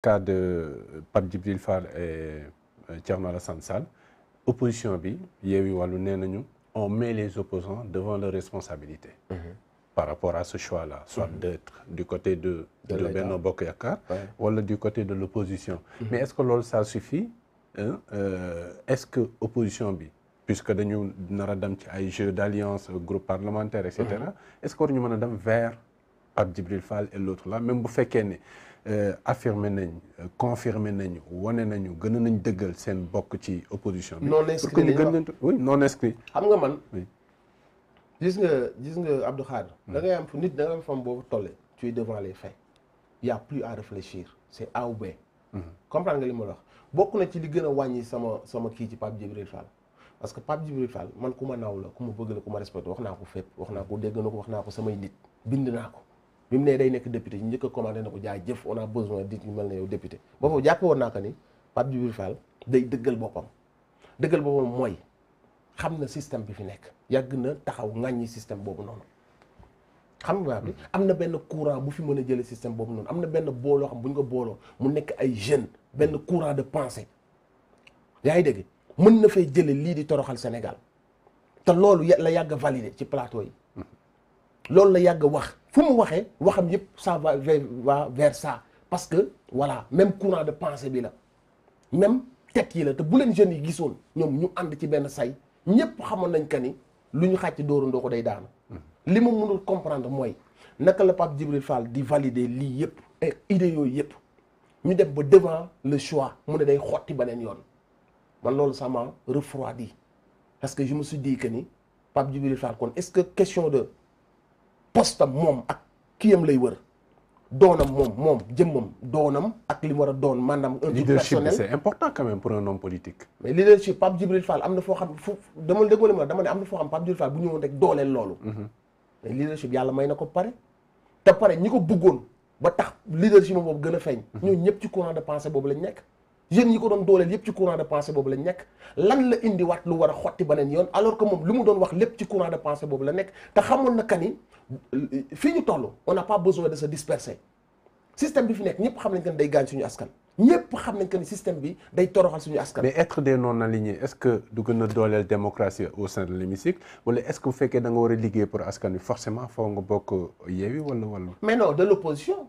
cas de euh, Pape Djibril Fall et euh, Thierno Alassane Sall opposition bi Yewwi Wallu nee nañu on met les opposants devant leurs responsabilités mm par rapport à ce choix-là soit mm-hmm. d'être du côté de de, de Benno Bokk Yakaar ouais. wala du côté de l'opposition mm mais est-ce que loolu ça suffit hein? Euh, ce que opposition bi puisque dañu nar a dem ci ay jeu d'alliance groupe parlementaire et cetera est-ce que war ñu mën a dem vers Pape Djibril Fall et l'autre là même bu fekkee ne Euh, affirmé nañ euh, confirmé nañ wane nañu gën a nañ dëggal seen bokk ci opposition bi. non inscrit ñu gën oui non inscrit xam nga man. gis nga gis nga Abdou Khadre. Hmm. da ngay am fu nit da nga am fam boobu tolle tu es devant les faits y' a plus à réfléchir c' est A ou B. Hmm. nga li ma wax bokk na ci li gën a wàññi sama sama kii ci Pape Djibril Fall. parce que Pape Djibril Fall man ku naw naaw la ku ma bëgg la ku ma respecté wax naa ko fépp wax naa ko dégg na ko wax naa ko samay nit bind naa ko. bi mu ne day nekk député ñu njëkk a commandé na ko jaay jëf on a besoin dit ñu mel ne yow député ba foofu jàppe woon naa ko ni Pape Djibril Fall day dëggal boppam dëggal boppam mooy xam na système bi fi nekk yàgg na taxaw ŋàññi système boobu noonu xam nga bi hmm. am na benn courant bu fi mën a jële système boobu noonu am na benn booloo xam bu ñu ko booloo mu nekk ay jeunes benn courant de pensée yaa ngi dégg mën na fee jële lii di toroxal Sénégal te loolu la yàgg a ci plateau yi hmm. loolu la yàgg wax fu mu waxee waxam yëpp ça va va vers ça parce que voilà même courant de pensée bi la même tête yi la te bu leen jeunes yi gisoon ñoom ñu ànd ci benn say ñëpp xamoon nañ que ni lu ñu xàcc dóorandoo ko day daanu. Hmm. li ma mënul comprendre mooy naka la Pape Djibril Fall di valider lii yëpp et eh, idées yooyu yëpp ñu dem ba devant le choix mu ne day xotti beneen yoon man loolu ça m'a refroidi parce que je me suis dit que ni Pape Djibril Fall kon est-ce que question de. postam moom ak kiyam lay wër doonam moom moom jëmmam doonam ak li war a doon maanaam. un leadership personnel c'est xam fu dama déggoo la ma dama ne am na foo xam mm-hmm. ko pare. ko bëggoon ba tax leadership moom boobu a feeñ. Mm-hmm. ñooñu ñëpp ci courant de pensée nekk. lan la indiwaat lu war a xotti beneen yoon alors que moom lu mu doon wax lépp ci courant de pensée boobu la nekk te xamoon na kan fii ñu toll on n'a pas besoin de se disperser système bi fi nekk ñëpp xam nañ que day gaañ suñu askan. ñëpp xam nañ que ni système bi day toroxal suñu askan. mais être des non alignés est-ce du gën a dooleel démocratie au sein de l'hémicycle wala est-ce bu fekkee da nga war a liggéey pour askan wi forcément foo nga bokk yeewi wala wala. mais non de l'opposition.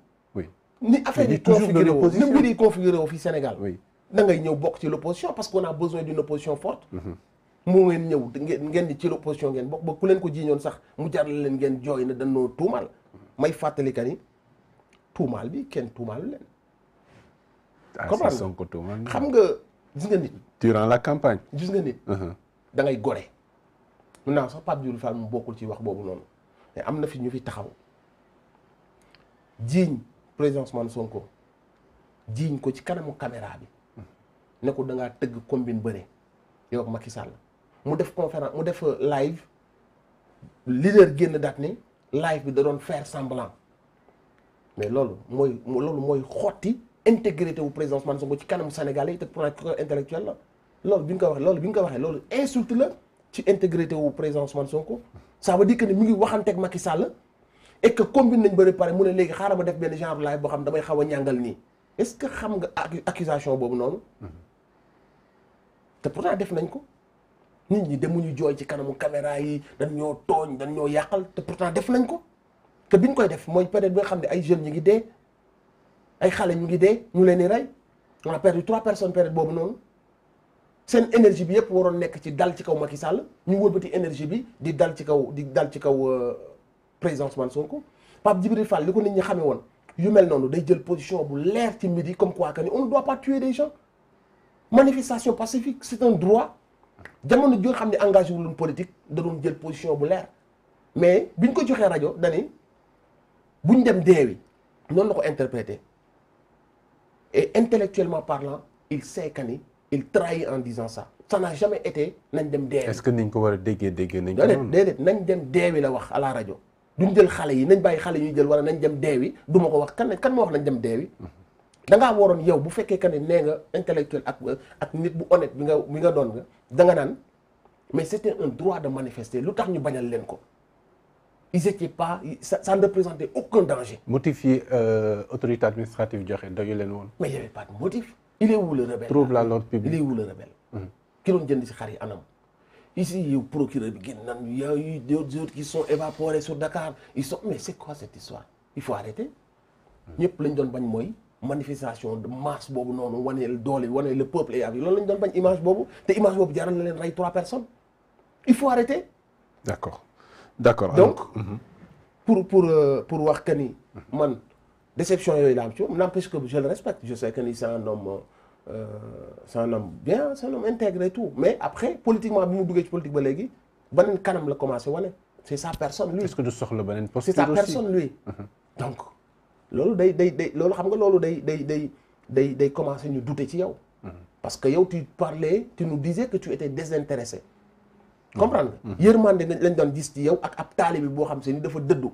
ni affaire yi configuré ni mbir yi configuré Sénégal. oui ñëw bokk ci l'opposition moo ngeen ñëw ngeen di ci l'opposition ngeen bokk ba ku leen ko jiiñoon sax mu jaral leen ngeen jooy na dañoo tuumaal may fàttali ka ni tuumaal bi kenn ah, tuumaal leen. xam nga gis nga nit. durant la campagne. gis nga nit. Uh-huh. da gore. mun naa sax Pape Diouf mu bokkul ci wax boobu noonu am na fi ñu fi taxaw jiiñ président Ousmane Sonko jiiñ ko ci kanamu caméra bi uh-huh. ne ko da ngaa tëgg combine bëre yow ak Macky Sall mu def conférence mu def euh, live leader génn daat ni live bi da doon faire semblant mais loolu mooy loolu mooy xotti intégrité wu président Ousmane Sonko ci kanam Sénégalais yi te pour ko intellectuel la loolu bi nga ko waxee loolu bi nga ko waxee loolu insulte la ci intégrité wu président soo Sonko ça ba dire que ni mu ngi waxanteeg Macky Sall et que combine nañ bëri pare mu ne léegi xaaral ma def benn genre live boo xam damay xaw a ñàngal nii est-ce que xam nga accusation boobu noonu mm-hmm. def nañ ko nit ñi demuñu jooy ci kanamu caméra yi dañ ñoo tooñ dañ ñoo yàqal te pourtant def nañ ko te biñ koy def mooy période bi nga xam ne ay jeunes ñu ngi dee ay xale ñu ngi dee ñu leen di rey on a perdu trois personnes période boobu noonu seen énergie bi yëpp waroon nekk ci dal ci kaw Macky Sall ñu wëlbati énergie bi di dal ci kaw di dal ci kaw euh, président Ousmane Sonko Pape Djibril Fall li ko nit ñi xamee woon yu mel noonu day jël position bu leer ci midi comme quoi que ni on ne doit pas tuer des gens un droit jamono ji xam ne engagé wu politique da jël position bu leer mais biñ ko joxee rajo dani ñu dem deewi noonu la ko interprété et intellectuellement parlant il sait que ni il trahit en disant ça ça n'a jamais été nañ dem deewi. est-ce que niñ ko war a déggee déggee nañ ko noonu nañ dem deewi la wax à la rajo duñ jël xale yi nañ bàyyi xale yi ñuy jël wala nañ dem deewi du ma ko wax kan kan ma wax nañ dem deewi mhm. da ngaa waroon yow bu fekkee que ne nee nga intellectuel ak nit bu honnête bi nga bi nga doon nga da nga naan mais c'était un droit de manifester lu tax ñu bañal leen ko ils étaient pas ça, ça ne représentait aucun danger. motif yi euh, autorité administrative joxe doyu leen woon. mais y avait pas de motif. il est où le rebelle. trouble à l'ordre hmm. jënd ci xar yi anam. ici yow procureur bi génn nan y a eu d'autres autres qui sont évaporés sur Dakar ils sont mais c'est quoi cette histoire il faut arrêter. Hmm. ñëpp lañ doon bañ mooy. manifestation de masse boobu noonu waneel doolee waneel le peuple et loolu la ñu doon bañ image boobu te image boobu jaral na leen rey trois personnes il faut arrêter. d' accord d' accord donc. Mhm. pour pour euh, pour wax que ni man déception yooyu la am ci moom n' empêche que je le respecte je sais que ni c' est un homme euh, c' est un homme bien c' est un homme mais après politiquement bi mu duggee ci politique ba léegi beneen kanam la commencé wane c' sa personne lui. est ce soxla beneen poste. c' est sa personne lui mhm. donc. loolu day day day loolu xam nga loolu day day day day day commencer ñu douter ci yow. Mhm. parce que yow tu parlais tu nous disais que tu étais désintéressé. Mhm. comprendre nga. Mhm. yërmande lañ doon gis ci yow ak ab taalibe boo xam se ni dafa dëddu.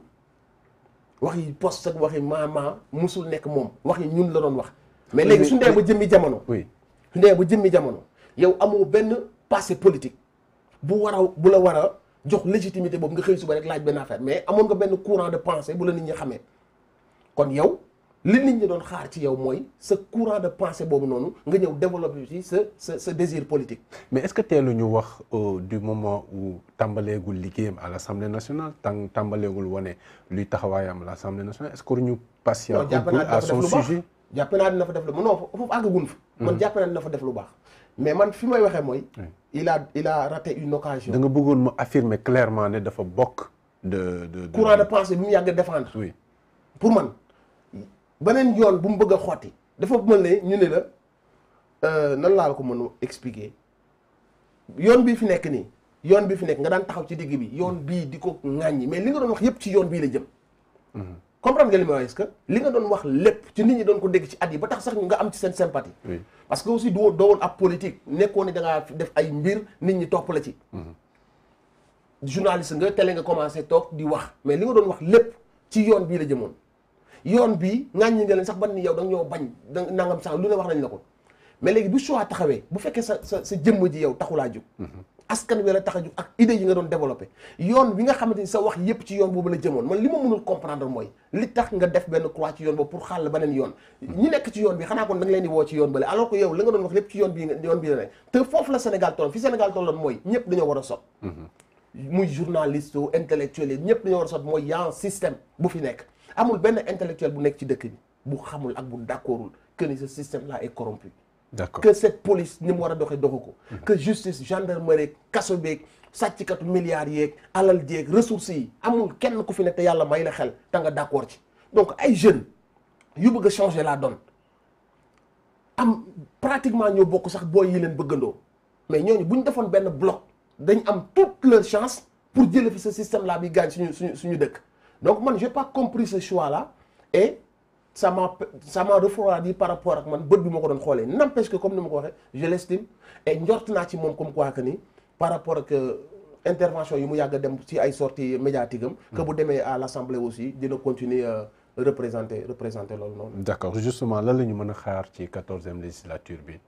wax yi post ak wax yi maama musul nekk moom wax yi ñun la doon wax. mais léegi su ndee ba jëmmi jamono. oui su ndee ba jëmmi jamono. yow amoo benn passé politique bu war a bu la war a jox légitimité boobu nga xëy suba rek laaj benn affaire mais amoon de pensée bu la nit ñi xamee. kon yow li nit ñi doon xaar ci yow mooy sa courant de pensée boobu noonu nga ñëw développer ci sa sa sa désir politique. mais est-ce que teelu ñu wax euh, du moment où tàmbaleegul liggéeyam à l'Assemblée nationale tant tàmbaleegul wane luy taxawaayam à l'Assemblée nationale est-ce que ñu patient à son sujet jàpp naa dina fa def lu baax non foofu àggagun hmm. man def lu baax. mais man fi may waxee mooy. il a il a raté une occasion. da bëggoon ma affirmer clairement ne dafa bokk. de de courant de pensée bi mu yàgg défendre. pour man. beneen yoon bu mu bëgg a xotti dafa mel ne ñu ne la euh, nan laa la ko mën expliquer yoon bii fi nekk nii yoon bii fi nekk nga daan taxaw ci digg bi yoon bii di ko ŋàññi mais li nga doon wax yëpp ci yoon bii la jëm. Mm-hmm. comprendre nga li nga doon wax lépp ci nit ñi doon ko dégg ci at yi ba tax sax ñu nga am ci seen sympathie. parce que aussi doo doowoon ak politique nekkoon ni da ngaa def ay mbir nit ñi topp la ci. Mm-hmm. journaliste nga télé nga commencé toog di wax mais li nga doon wax lépp ci yoon bii la jëmoon. yoon bi bii ŋàññi nga leen sax ban ni yow da nga ñoo bañ da nangam sax lu ne wax nañ la ko mais léegi bu choix taxawee bu fekkee sa sa sa jëmm ji taxulaa jóg mhm. askan wi tax a jóg nga doon développé yoon wi nga xamante ni sa wax yépp ci yoon boobu la jëmoon li ma mënul comprendre mooy li tax nga def benn yoon boobu pour xàll beneen yoon ñi nekk ci yoon bi xanaa kon da nga leen di woo ci yoon bale alors que yow la nga doon wax lépp ci yoon mooy ñëpp dañoo war a sot mhm. muy journaliste intellectuel yi ñëpp dañoo war a sot mooy yaa système bu fi nekk amul benn intellectuel bu nekk ci dëkk bi bu xamul ak bu d'accordul que ni ce système là est corrompu d'accord que cette police ni mu war a doxee doxu ko mhm. que justice gendarmerie kaso beeg sàcckatu milliards yeeg alal jeeg ressources yi amul kenn ku fi nekk te yàlla may la xel te nga d'accord ci donc ay jeunes yu bëgg a changer la donne am pratiquement ñoo bokk sax booy yi leen bëggandoo mais ñooñu bu ñu defoon benn bloc dañ am toute leur chance pour jëlee fi sa système là bi gaañ suñu suñu suñu dëkk donc man j'ai pas compris ce choix là et ça m'a ça m'a par rapport ak man bët bi ma ko doon xoolee n'empêche que comme ni ma ko waxee je l'estime et njort naa ci moom comme quoi que ni par rapport ak euh, intervention yi mu yàgg dem ci ay sorties médiatiques am que bu demee à l'Assemblée aussi dina continuer euh, représenter représenter loolu noonu d'accord justement lan la ñu mën a xaar ci quatorzième législature bi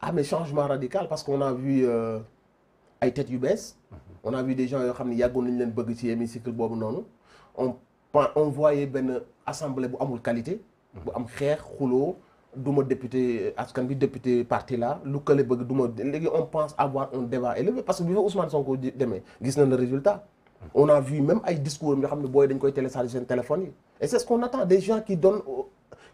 ah mais changement radical parce qu'on a vu euh, ay têtes yu bees mhm. on a vu des gens yoo xam ne yàggoon nañu leen bëgg ci hémicycle boobu noonu on on voyait benn assemblée bu amul qualité. bu am xeex xuloo du ma député askan bi député parti la lu kële bëgg du ma léegi on pense avoir un débat élevé parce que bi fa Ousmane Sonko demee gis na le résultat. on a vu même ay discours yoo xam ne booy dañ koy télécharger seen téléphone yi et c' est ce qu'on attend des gens qui donnent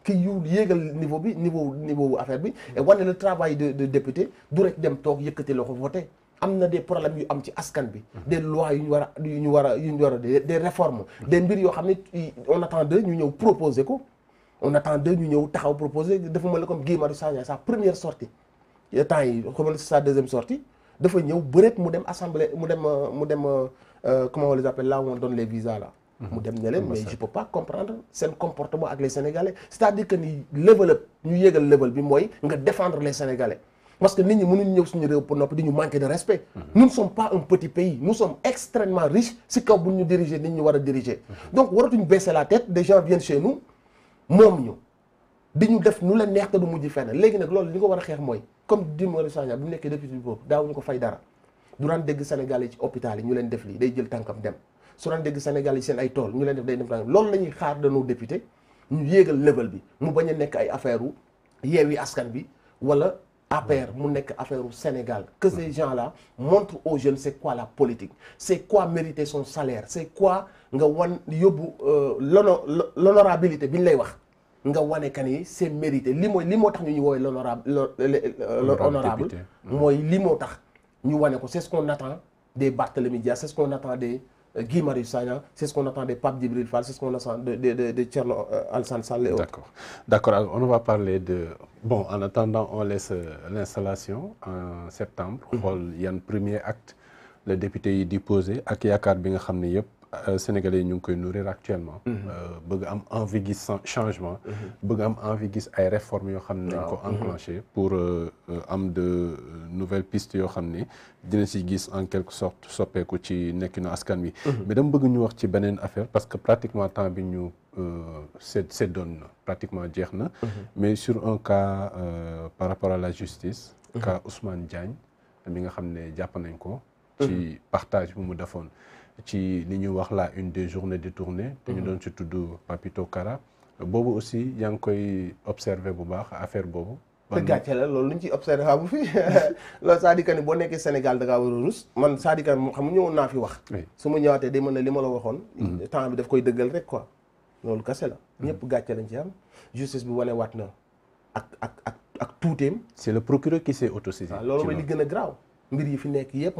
qui yéegal niveau bi niveau affaire bi. et wane le travail de député du rek dem toog yëkkati ko voté. am na des problèmes yu am ci askan bi des lois yu ñu war a yu ñu war a yu ñu war a des réformes des mbir yoo xam ne on attend d'eux ñu ñëw proposer ko on attend d'eux ñu ñëw taxaw proposer dafa mel ni comme Guy Marius Sagna sa première sortie temps yi comme sa deuxième sortie dafa ñëw bëreet mu dem assemblée mu dem mu dem euh, comment on les appelle là où donne les visas là mm-hmm. mu dem ne leen mais je peux pas comprendre seen comportement ak les sénégalais c'est-à-dire que ni level up ñu yégal level bi mooy nga défendre les sénégalais parce que nit ñi mënuñ ñëw suñu réew pour noppi di ñu manquer de respect mhm. nous ne sommes pas un petit pays nous sommes extrêmement riches si kaw bu ñu diriger nit ñu war a diriger mhm. donc waratuñ baisser la tête des gens viennent chez moom ñu di ñu def nu leen neex te du mujj fenn léegi nag loolu li ko war a xeex mooy comme Guy Sagna bi mu nekkee député boobu daawuñu ko fay dara du daan dégg Sénégal yi ci hôpital yi ñu leen def lii day jël tànkam dem su dégg Sénégal yi seen ay tool ñu leen def day dem tànkam loolu xaar de nos députés ñu yéegal level bi mu bañ a nekk ay affaire u yeewi askan bi wala APR mu nekk affaire au Sénégal que ces gens-là montrent au jeunes c'est quoi la politique c'est quoi mériter son salaire c'est quoi nga wan yóbbu euh, l'hono l'honorabilité bi ñu lay wax nga wane kan yi c'est mérité li mooy li moo tax ñu ñu woowee l'honorable euh, l'honorable mooy li moo tax ñu wane ko c'est ce qu'on attend des Barthélémy Dias c'est ce qu'on attend des euh, Guy Marius Sagna c'est ce qu'on attend des Pape Djibril Fall c'est ce qu'on attend de de de Thierno Alassane Sall d'accord d'accord on va parler de bon en attendant on laisse euh, l'installation en septembre mhm. xool yan premier acte le député yi di ak yaakaar bi nga xam ne yëpp euh, sénégalais yi ñu ngi koy nourrir actuellement mhm. euh, bëgg am envie gis changement mhm. bëgg am envie gis ay réformes yoo xam ne dañ ko enclenché pour am de nouvelles pistes yoo xam ne dina si gis en quelque sorte soppeeku ci nekkinu askan wi mais dama bëgg ñu wax ci beneen affaire parce que pratiquement temps ñu Euh, cette cette donne pratiquement jeex na. Mhm. mais sur un cas euh, par rapport à la justice. Mhm. cas Ousmane Diagne mi nga xam ne jàpp nañ ko. Mhm. ci partage bu mu defoon ci ni ñuy wax la une des journées détournées. te ñu doon si tudd Papito Kara. boobu aussi yaa ngi koy observer bu baax affaire boobu. te gàcce la loolu lu ñu ciy observé bu fi loolu c'est-à-dire ni boo nekkee Sénégal da ngaa war a man c'est-à-dire que ñëwoon naa fi wax. su ma ñëwaatee day mën na li ma la waxoon. temps rek quoi. loolu kase la mm-hmm. ñëpp gàcce lañ ci am justice bi wane waat na ak ak ak ak tuuteem c'est le procureur qui s'est autosaisi waaw loolu mooy li gën a graaw mbir yi fi nekk yëpp